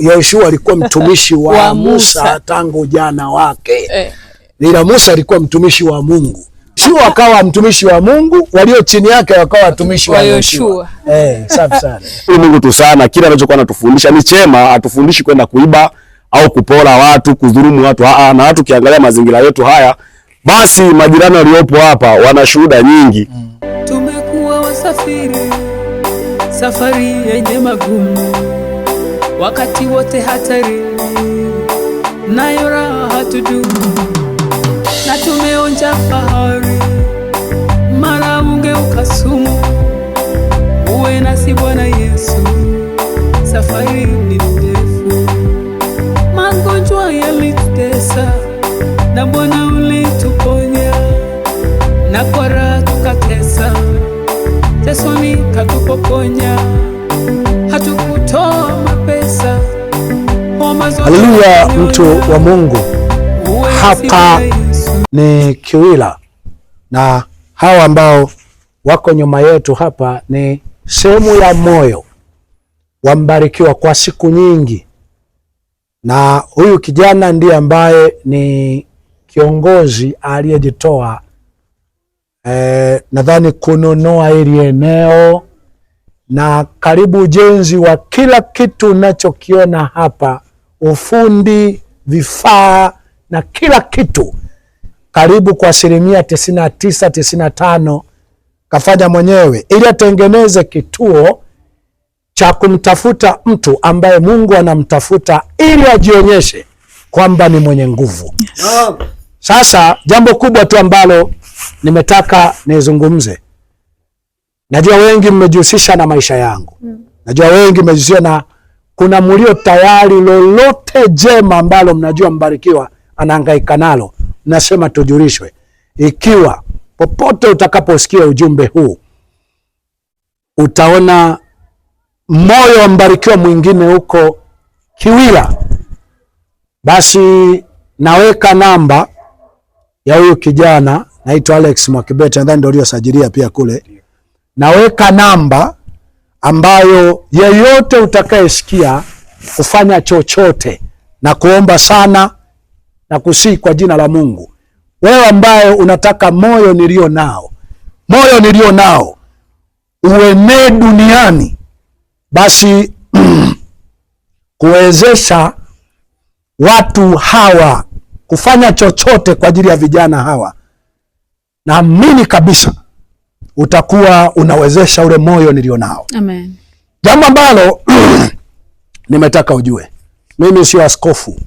yeshua alikuwa mtumishi wa, wa Musa tangu jana wake eh. Ila Musa alikuwa mtumishi wa Mungu, sio akawa mtumishi wa Mungu, walio chini yake wakawa watumishi wa Yoshua. Eh, safi sana. Mungu tu sana, kila anachokuwa anatufundisha ni chema, atufundishi kwenda kuiba au kupora watu, kudhulumu watu. Aa, na watu kiangalia mazingira yetu haya, basi majirani waliopo hapa wana shuhuda nyingi mm. Tumekuwa wasafiri, safari yenye magumu wakati wote hatari nayo raha hatudumu na tumeonja fahari, mara ungeuka sumu. Uwe nasi Bwana Yesu, safari ni ndefu, magonjwa yalitutesa na Bwana ulituponya, na kwa raha tukatesa, tesoni katupokonya hatukutoa Haleluya, mtu wa Mungu, hapa ni kiwila na hawa ambao wako nyuma yetu hapa ni sehemu ya moyo wambarikiwa kwa siku nyingi, na huyu kijana ndiye ambaye ni kiongozi aliyejitoa eh, nadhani kununua hili eneo na karibu ujenzi wa kila kitu unachokiona hapa, ufundi, vifaa na kila kitu, karibu kwa asilimia tisini na tisa tisini na tano kafanya mwenyewe, ili atengeneze kituo cha kumtafuta mtu ambaye Mungu anamtafuta ili ajionyeshe kwamba ni mwenye nguvu. Yes. Sasa jambo kubwa tu ambalo nimetaka nizungumze Najua wengi mmejihusisha na maisha yangu mm. Najua wengi mmejihusisha na, kuna mlio tayari lolote jema ambalo mnajua mbarikiwa anahangaika nalo, nasema tujulishwe. Ikiwa popote utakaposikia ujumbe huu utaona moyo wa mbarikiwa mwingine huko Kiwira, basi naweka namba ya huyu kijana naitwa Alex Mwakibete, nadhani ndio uliosajilia pia kule naweka namba ambayo yeyote utakayesikia kufanya chochote na kuomba sana na kusii kwa jina la Mungu, wewe ambaye unataka moyo nilio nao, moyo nilio nao uenee duniani, basi kuwezesha watu hawa kufanya chochote kwa ajili ya vijana hawa, naamini kabisa utakuwa unawezesha ule moyo nilionao. Amen. Jambo ambalo nimetaka ujue, mimi sio askofu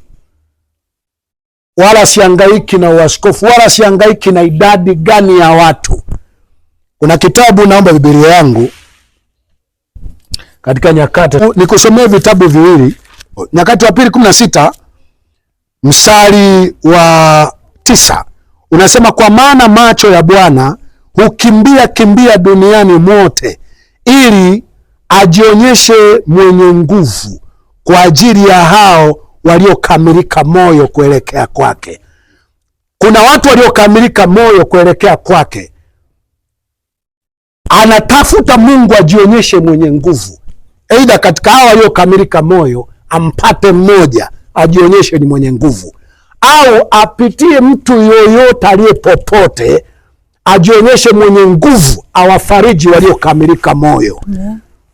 wala siangaiki na uaskofu wala siangaiki na idadi gani ya watu. Kuna kitabu, naomba Biblia yangu katika Nyakati, nikusomee vitabu viwili. Nyakati wa pili kumi na sita mstari wa tisa unasema, kwa maana macho ya Bwana hukimbia kimbia duniani mote ili ajionyeshe mwenye nguvu kwa ajili ya hao waliokamilika moyo kuelekea kwake. Kuna watu waliokamilika moyo kuelekea kwake, anatafuta Mungu ajionyeshe mwenye nguvu, aidha katika hao waliokamilika moyo ampate mmoja ajionyeshe ni mwenye nguvu, au apitie mtu yoyote aliye popote ajionyeshe mwenye nguvu, awafariji waliokamilika moyo yeah.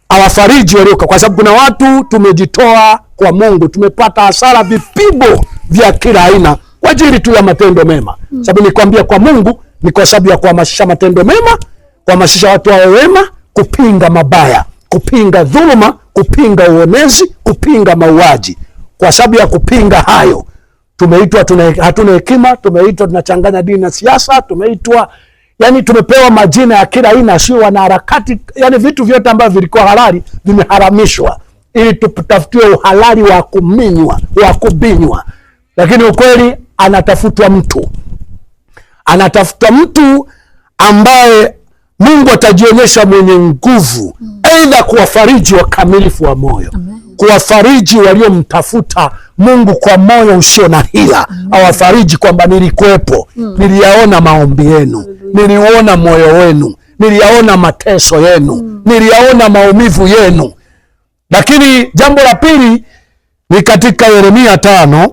Awafariji walio, kwa sababu kuna watu tumejitoa kwa Mungu, tumepata hasara, vipigo vya kila aina kwa ajili tu ya matendo mema mm. Sababu nikwambia kwa Mungu ni kwa sababu ya kuhamasisha matendo mema, kuhamasisha watu wawe wema, kupinga mabaya, kupinga dhuluma, kupinga uonezi, kupinga mauaji. Kwa sababu ya kupinga hayo tumeitwa hatuna hekima, tumeitwa tunachanganya dini na siasa, tumeitwa yani tumepewa majina ya kila aina, sio wanaharakati. Yani vitu vyote ambavyo vilikuwa halali vimeharamishwa ili tutafutiwe uhalali wa kuminywa wa kubinywa, lakini ukweli anatafutwa mtu, anatafutwa mtu ambaye Mungu atajionyesha mwenye nguvu, aidha kuwafariji wakamilifu wa moyo Amen kuwafariji waliomtafuta Mungu kwa moyo usio na hila mm. Awafariji kwamba nilikuwepo mm. Niliyaona maombi yenu mm. moyo wenu, niliyaona mateso yenu mm. Niliyaona maumivu yenu. Lakini jambo la pili ni katika Yeremia tano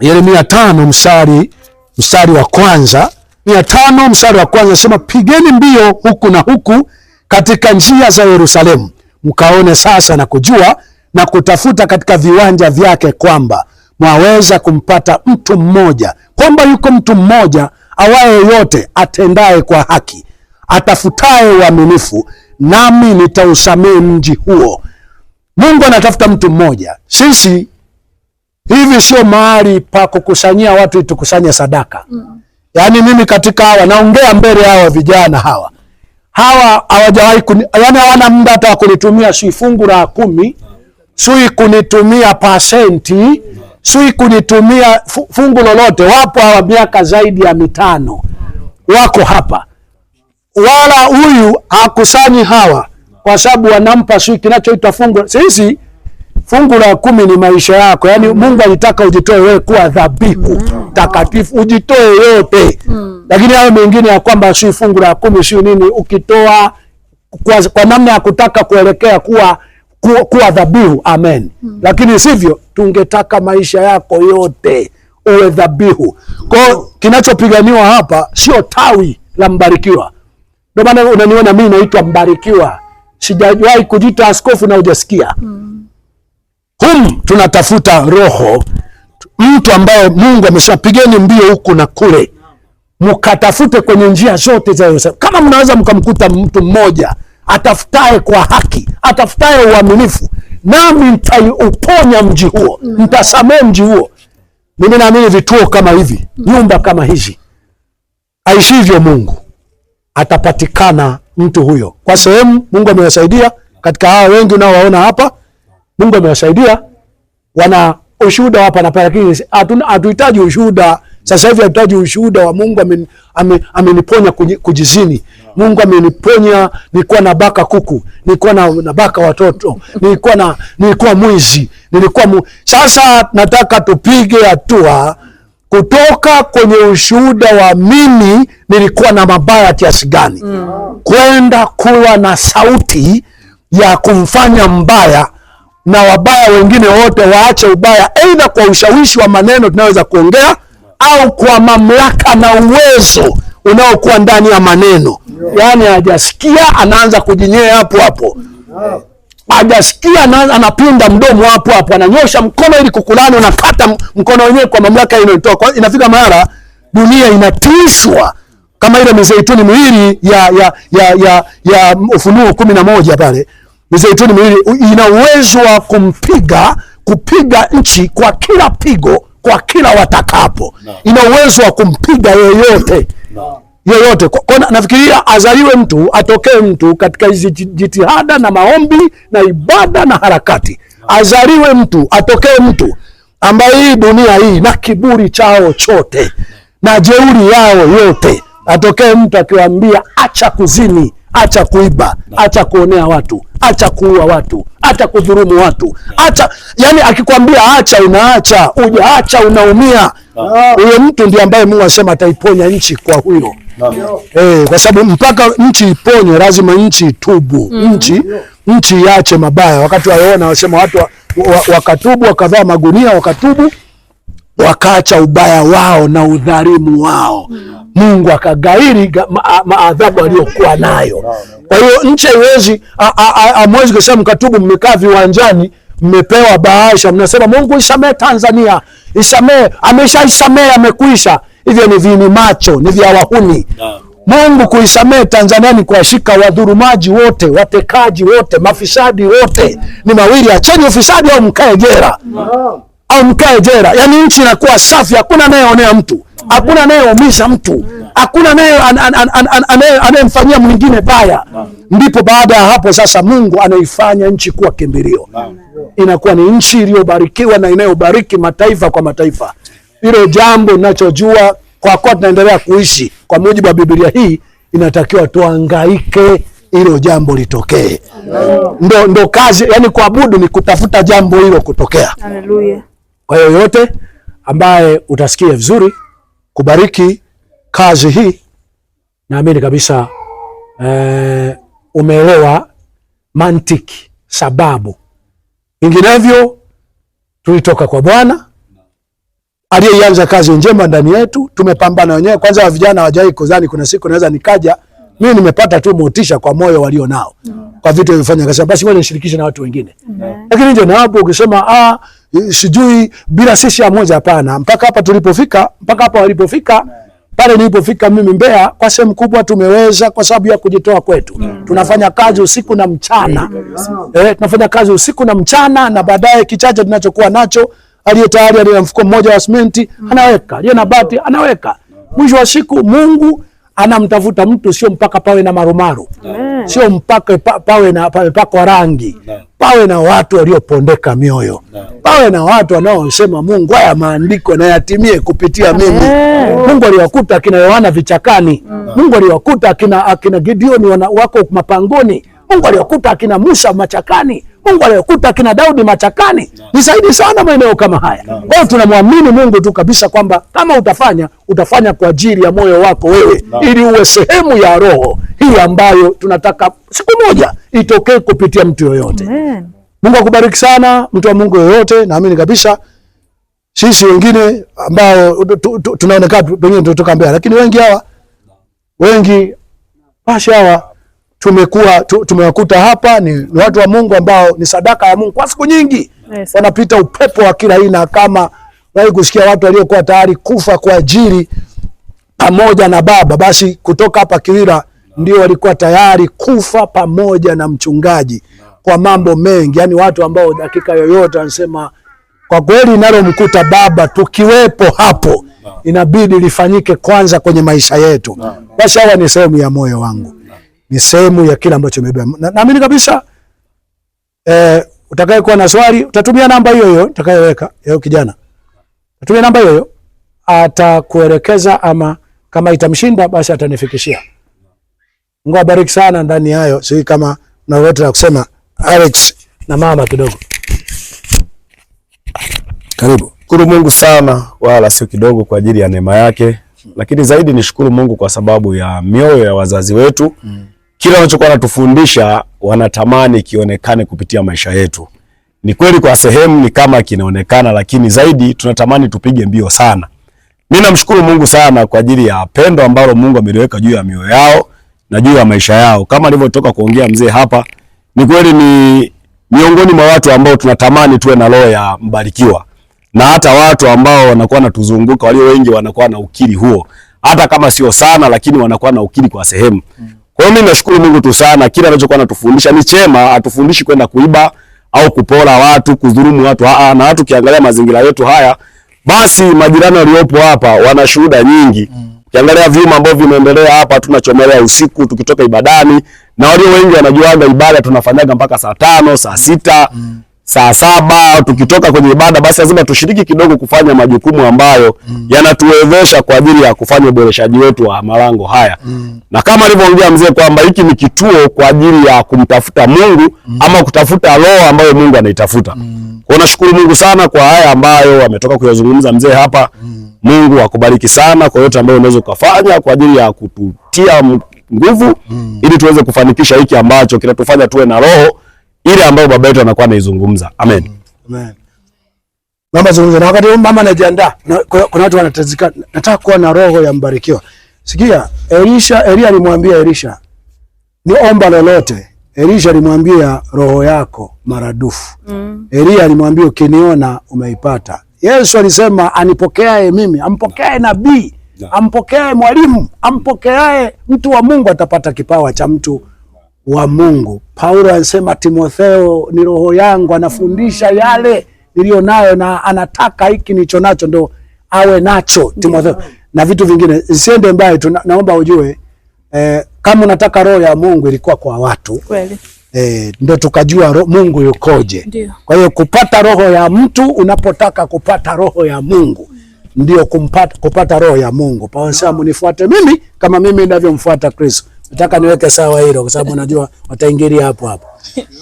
Yeremia tano mstari mstari wa kwanza mia tano mstari wa kwanza sema, pigeni mbio huku na huku katika njia za Yerusalemu mkaone sasa na kujua na kutafuta katika viwanja vyake kwamba mwaweza kumpata mtu mmoja, kwamba yuko mtu mmoja awaye yote, atendaye kwa haki, atafutaye uaminifu, nami nitausamehe mji huo. Mungu anatafuta mtu mmoja. Sisi hivi sio mahali pa kukusanyia watu itukusanye sadaka. Mm. Yaani mimi katika hawa naongea mbele hawa vijana hawa hawa hawajawahi yani hawana muda hata wa kunitumia sui fungu la kumi, sui kunitumia pasenti, sui kunitumia fungu lolote. Wapo hawa miaka zaidi ya mitano wako hapa, wala huyu hakusanyi hawa, kwa sababu wanampa sui kinachoitwa fungu. Sisi Fungu la kumi ni maisha yako, yaani mm. Mungu alitaka ujitoe wewe kuwa dhabihu mm. takatifu, ujitoe yote. mm. Lakini hayo mengine ya kwamba si fungu la kumi si nini, ukitoa kwa, kwa namna ya kutaka kuelekea kuwa kuwa, kuwa dhabihu amen. Mm. Lakini sivyo, tungetaka maisha yako yote uwe dhabihu. Kwa hiyo kinachopiganiwa hapa sio tawi la mbarikiwa. Ndio maana unaniona mimi naitwa mbarikiwa, sijawahi kujita askofu na ujasikia Mm. Hum, tunatafuta roho, mtu ambaye Mungu amesema pigeni mbio huku na kule, mkatafute kwenye njia zote za Yerusalemu. Kama mnaweza mkamkuta mtu mmoja atafutaye kwa haki, atafutaye uaminifu, nami nitauponya mji huo, nitasamehe mji huo. Mimi naamini vituo kama hivi, nyumba kama hizi, aishivyo Mungu atapatikana mtu huyo. Kwa sehemu Mungu amewasaidia katika hawa wengi unaowaona hapa. Mungu amewasaidia, wana ushuhuda hapa na pale, lakini hatuhitaji ushuhuda sasa hivi, hatuhitaji ushuhuda wa Mungu ameniponya amen, amen kujizini. Mungu ameniponya nilikuwa na baka kuku, nilikuwa na, na baka watoto, nilikuwa na nilikuwa mwizi, nilikuwa mu... Sasa nataka tupige hatua kutoka kwenye ushuhuda wa mimi nilikuwa na mabaya kiasi gani, mm. kwenda kuwa na sauti ya kumfanya mbaya na wabaya wengine wote waache ubaya, aidha kwa ushawishi wa maneno tunaweza kuongea au kwa mamlaka na uwezo unaokuwa ndani ya maneno. Yaani hajasikia anaanza kujinyea hapo hapo, hajasikia anapinda mdomo hapo hapo, ananyosha mkono ili kukulani, unakata mkono wenyewe kwa mamlaka inayotoa. Inafika mara dunia inatishwa kama ile mizeituni miwili ya, ya, ya, ya, ya Ufunuo kumi na moja pale mizeituni miwili ina uwezo wa kumpiga kupiga nchi kwa kila pigo, kwa kila watakapo no. Ina uwezo wa kumpiga yoyote no. yoyote kwa, kwa, nafikiria azaliwe mtu atokee mtu katika hizi jitihada na maombi na ibada na harakati no. Azaliwe mtu atokee mtu ambaye hii dunia hii na kiburi chao chote na jeuri yao yote, atokee mtu akiwaambia acha kuzini, acha kuiba, acha kuonea watu acha kuua watu, acha kudhulumu watu, acha yani, akikwambia acha unaacha, ujaacha unaumia. Ah. Huyo mtu ndiye ambaye Mungu asema ataiponya nchi kwa huyo ah. eh, kwa sababu mpaka nchi iponye lazima nchi itubu. mm. nchi nchi iache mabaya. Wakati waona wasema watu wa, wa, wakatubu wakavaa magunia wakatubu wakaacha ubaya wao na udhalimu wao mm. Mungu akagairi maadhabu ma aliyokuwa nayo. Kwa hiyo nchi haiwezi amwezi kusema mkatubu, mmekaa viwanjani mmepewa bahasha, mnasema Mungu isamee Tanzania, isamee. isamee, amekwisha. Hivyo ni vini macho, ni vya wahuni. Mungu kuisamee Tanzania ni kuwashika wadhurumaji wote, watekaji wote, mafisadi wote. Ni mawili, acheni ufisadi au mkae jera au mkae jela. Yaani nchi inakuwa safi, hakuna anayeonea mtu, hakuna anayeumisha mtu, hakuna anayemfanyia mwingine baya. Ndipo baada ya hapo sasa, Mungu anaifanya nchi kuwa kimbilio, inakuwa ni nchi iliyobarikiwa na inayobariki mataifa kwa mataifa. Hilo jambo nachojua kwa kuwa tunaendelea kuishi kwa mujibu wa Biblia hii, inatakiwa tuangaike hilo jambo litokee. Ndo, ndo kazi yani, kuabudu ni kutafuta jambo hilo kutokea. Haleluya. Kwa hiyo yote ambaye utasikia vizuri kubariki kazi hii, naamini kabisa e, umeelewa mantiki, sababu vinginevyo tulitoka kwa Bwana aliyeianza kazi njema ndani yetu, tumepambana wenyewe. Kwanza wa vijana wajai kuzani, kuna siku naweza nikaja mimi nimepata tu motisha kwa moyo walio nao, kwa vitu walivyofanya, kasema basi wewe nishirikishe na watu wengine, lakini mm. ndio na hapo ukisema ah Eh, sijui bila ya moja, hapana. Mpaka hapa tulipofika, mpaka hapa walipofika pale nilipofika mimi Mbeya, kwa sehemu kubwa tumeweza kwa sababu ya kujitoa kwetu. mm. tunafanya kazi usiku na mchana mm. tunafanya kazi usiku na mchana, na baadaye kichache tunachokuwa nacho, aliye tayari aliye mfuko mmoja wa simenti mm. anaweka, aliye na bati anaweka. Mwisho wa siku Mungu anamtafuta mtu sio mpaka pawe na marumaru no. sio mpaka pa, pawe na pamepakwa rangi no. pawe na watu waliopondeka mioyo no. pawe na watu wanaosema Mungu, haya maandiko na yatimie kupitia mimi no. Mungu aliwakuta akina Yohana vichakani no. Mungu aliwakuta akina akina Gideoni wako mapangoni Mungu aliwakuta akina Musa machakani Mungu aliyokuta kina Daudi machakani ni zaidi sana maeneo kama haya. Kwa hiyo tunamwamini Mungu tu kabisa kwamba kama utafanya utafanya kwa ajili ya moyo wako wewe, ili uwe sehemu ya roho hii ambayo tunataka siku moja itokee kupitia mtu yoyote. Mungu akubariki sana mtu wa Mungu yoyote, naamini kabisa sisi wengine ambao tunaonekana pengine tutoka Mbeya, lakini wengi hawa wengi pasha hawa tumekuwa tumewakuta hapa ni watu wa Mungu ambao ni sadaka ya Mungu kwa siku nyingi yes. Wanapita upepo wa kila aina, kama wai kusikia watu waliokuwa tayari kufa kwa ajili pamoja na baba. Basi kutoka hapa Kiwira ndio walikuwa tayari kufa pamoja na mchungaji kwa mambo mengi, yani watu ambao dakika yoyote wanasema kwa kweli inalomkuta baba tukiwepo hapo inabidi lifanyike kwanza kwenye maisha yetu. Basi hawa ni sehemu ya moyo wangu ni sehemu ya kile ambacho imebeba. Naamini na kabisa eh, utakaye kuwa na swali utatumia namba hiyo hiyo utakayoweka yao kijana. Utatumia namba hiyo hiyo atakuelekeza ama kama itamshinda basi atanifikishia. Mungu abariki sana ndani hayo. Sio kama na wote na kusema Alex na mama kidogo. Karibu. Shukuru Mungu sana wala sio kidogo kwa ajili ya neema yake, lakini zaidi nishukuru Mungu kwa sababu ya mioyo ya wazazi wetu mm kile wanachokuwa wanatufundisha wanatamani kionekane kupitia maisha yetu. Ni kweli kwa sehemu ni kama kinaonekana, lakini zaidi tunatamani tupige mbio sana. Mimi namshukuru Mungu sana kwa ajili ya pendo ambalo Mungu ameliweka juu ya mioyo yao na juu ya maisha yao. Kama alivyotoka kuongea mzee hapa, ni kweli ni miongoni mwa watu ambao tunatamani tuwe na roho ya mbarikiwa, na hata watu ambao wanakuwa natuzunguka walio wengi wanakuwa na ukiri huo, hata kama sio sana, lakini wanakuwa na ukiri kwa sehemu. Kwa hiyo mimi nashukuru Mungu tu sana, kila anachokuwa anatufundisha ni chema, atufundishi kwenda kuiba au kupora watu, kudhulumu watu. Aa, ah, ah, na watu kiangalia mazingira yetu haya, basi majirani waliopo hapa wana shuhuda nyingi. Ukiangalia vyuma ambavyo vinaendelea hapa, tunachomelea usiku tukitoka ibadani, na walio wengi wanajuaga ibada tunafanyaga mpaka saa tano, saa sita. Mm saa saba tukitoka kwenye ibada, basi lazima tushiriki kidogo kufanya majukumu ambayo mm. yanatuwezesha kwa ajili ya kufanya uboreshaji wetu wa malango haya mm. na kama alivyoongea mzee kwamba hiki ni kituo kwa ajili ya kumtafuta Mungu mm. ama kutafuta roho ambayo Mungu anaitafuta mm. kwa nashukuru Mungu sana kwa haya ambayo ametoka kuyazungumza mzee hapa mm. Mungu akubariki sana kwa yote ambayo unaweza kufanya kwa ajili ya kututia nguvu mm. ili tuweze kufanikisha hiki ambacho kinatufanya tuwe na roho ile ambayo baba yetu amekuwa anaizungumza. Amen. Amen. Mama zungumza na wakati mama anajiandaa. Kuna watu wanatazika, nataka kuwa na roho ya mbarikiwa. Sikia, Elisha, Elia alimwambia Elisha, niomba lolote. Elisha alimwambia roho yako maradufu. Mm. Elia alimwambia ukiniona umeipata. Yesu alisema anipokeae mimi, ampokeae nabii, ampokeae mwalimu, ampokeae mtu wa Mungu atapata kipawa cha mtu wa Mungu. Paulo anasema Timotheo, ni roho yangu anafundisha yale niliyo nayo na anataka hiki nicho nacho ndo awe nacho Timotheo, na vitu vingine siende mbali tu. Naomba ujue eh, kama unataka roho ya Mungu ilikuwa kwa watu kweli. E, ndo tukajua roho, Mungu yukoje. Kwa hiyo kupata roho ya mtu unapotaka kupata roho ya Mungu ndio kumpata, kupata roho ya Mungu. Paulo anasema mnifuate mimi kama mimi ninavyomfuata Kristo. Nataka niweke sawa hilo kwa sababu najua wataingilia hapo hapo.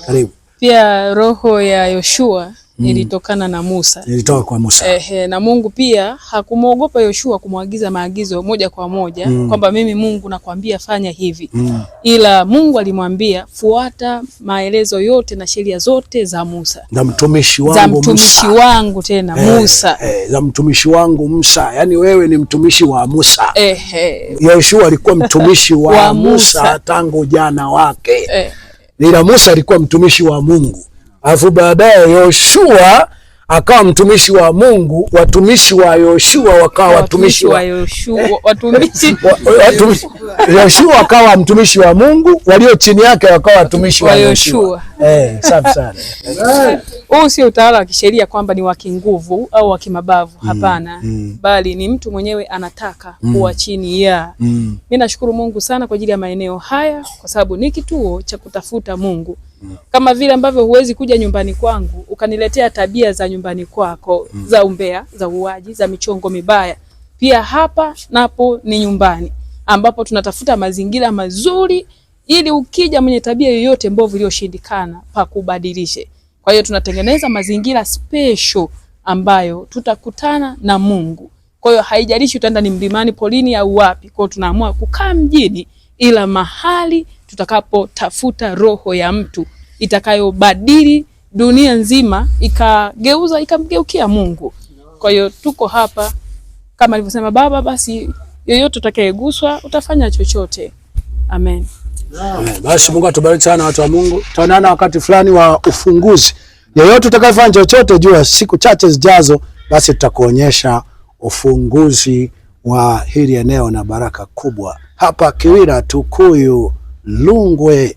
Karibu. Pia roho ya Yoshua mm. ilitokana na Musa, ilitoka kwa Musa. Ehe, na Mungu pia hakumwogopa Yoshua kumwagiza maagizo moja kwa moja mm. kwamba mimi Mungu nakwambia fanya hivi mm. ila Mungu alimwambia fuata maelezo yote na sheria zote za Musa, za mtumishi wangu, za mtumishi wangu tena eh, Musa eh, za mtumishi wangu Musa. Yani wewe ni mtumishi wa Musa. eh. Yoshua alikuwa mtumishi wa, wa Musa tangu jana wake eh. Ila Musa alikuwa mtumishi wa Mungu Alafu baadaye Yoshua akawa mtumishi wa Mungu, watumishi wa Yoshua wakawa watumishi wa Yoshua akawa mtumishi wa Mungu, walio chini yake wakawa watumishi wa Yoshua. Eh, safi sana. Huu sio utawala wa kisheria kwamba ni wa kinguvu au wa kimabavu, mm, hapana. Mm, bali ni mtu mwenyewe anataka mm, kuwa chini ya mm. Mimi nashukuru Mungu sana kwa ajili ya maeneo haya, kwa sababu ni kituo cha kutafuta Mungu mm. kama vile ambavyo huwezi kuja nyumbani kwangu ukaniletea tabia za nyumbani kwako mm. za umbea, za uaji, za michongo mibaya. Pia hapa napo ni nyumbani ambapo tunatafuta mazingira mazuri ili ukija mwenye tabia yoyote mbovu iliyoshindikana pakubadilishe. Kwa hiyo tunatengeneza mazingira special ambayo tutakutana na Mungu. Kwa hiyo haijalishi utaenda ni mlimani, polini au wapi. Kwa hiyo tunaamua kukaa mjini, ila mahali tutakapotafuta roho ya mtu itakayobadili dunia nzima ikageuza ikamgeukia Mungu. Kwa hiyo tuko hapa kama alivyosema Baba, basi yoyote utakayeguswa utafanya chochote. Amen. Amen. Basi Mungu atubariki sana watu wa Mungu. Tutaonana wakati fulani wa ufunguzi. Yoyote utakayefanya chochote juu ya siku chache zijazo, basi tutakuonyesha ufunguzi wa hili eneo na baraka kubwa hapa Kiwira Tukuyu. Lungwe,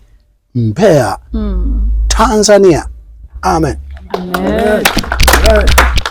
Mbeya, mm. Tanzania. Amen, Amen. Amen. Amen.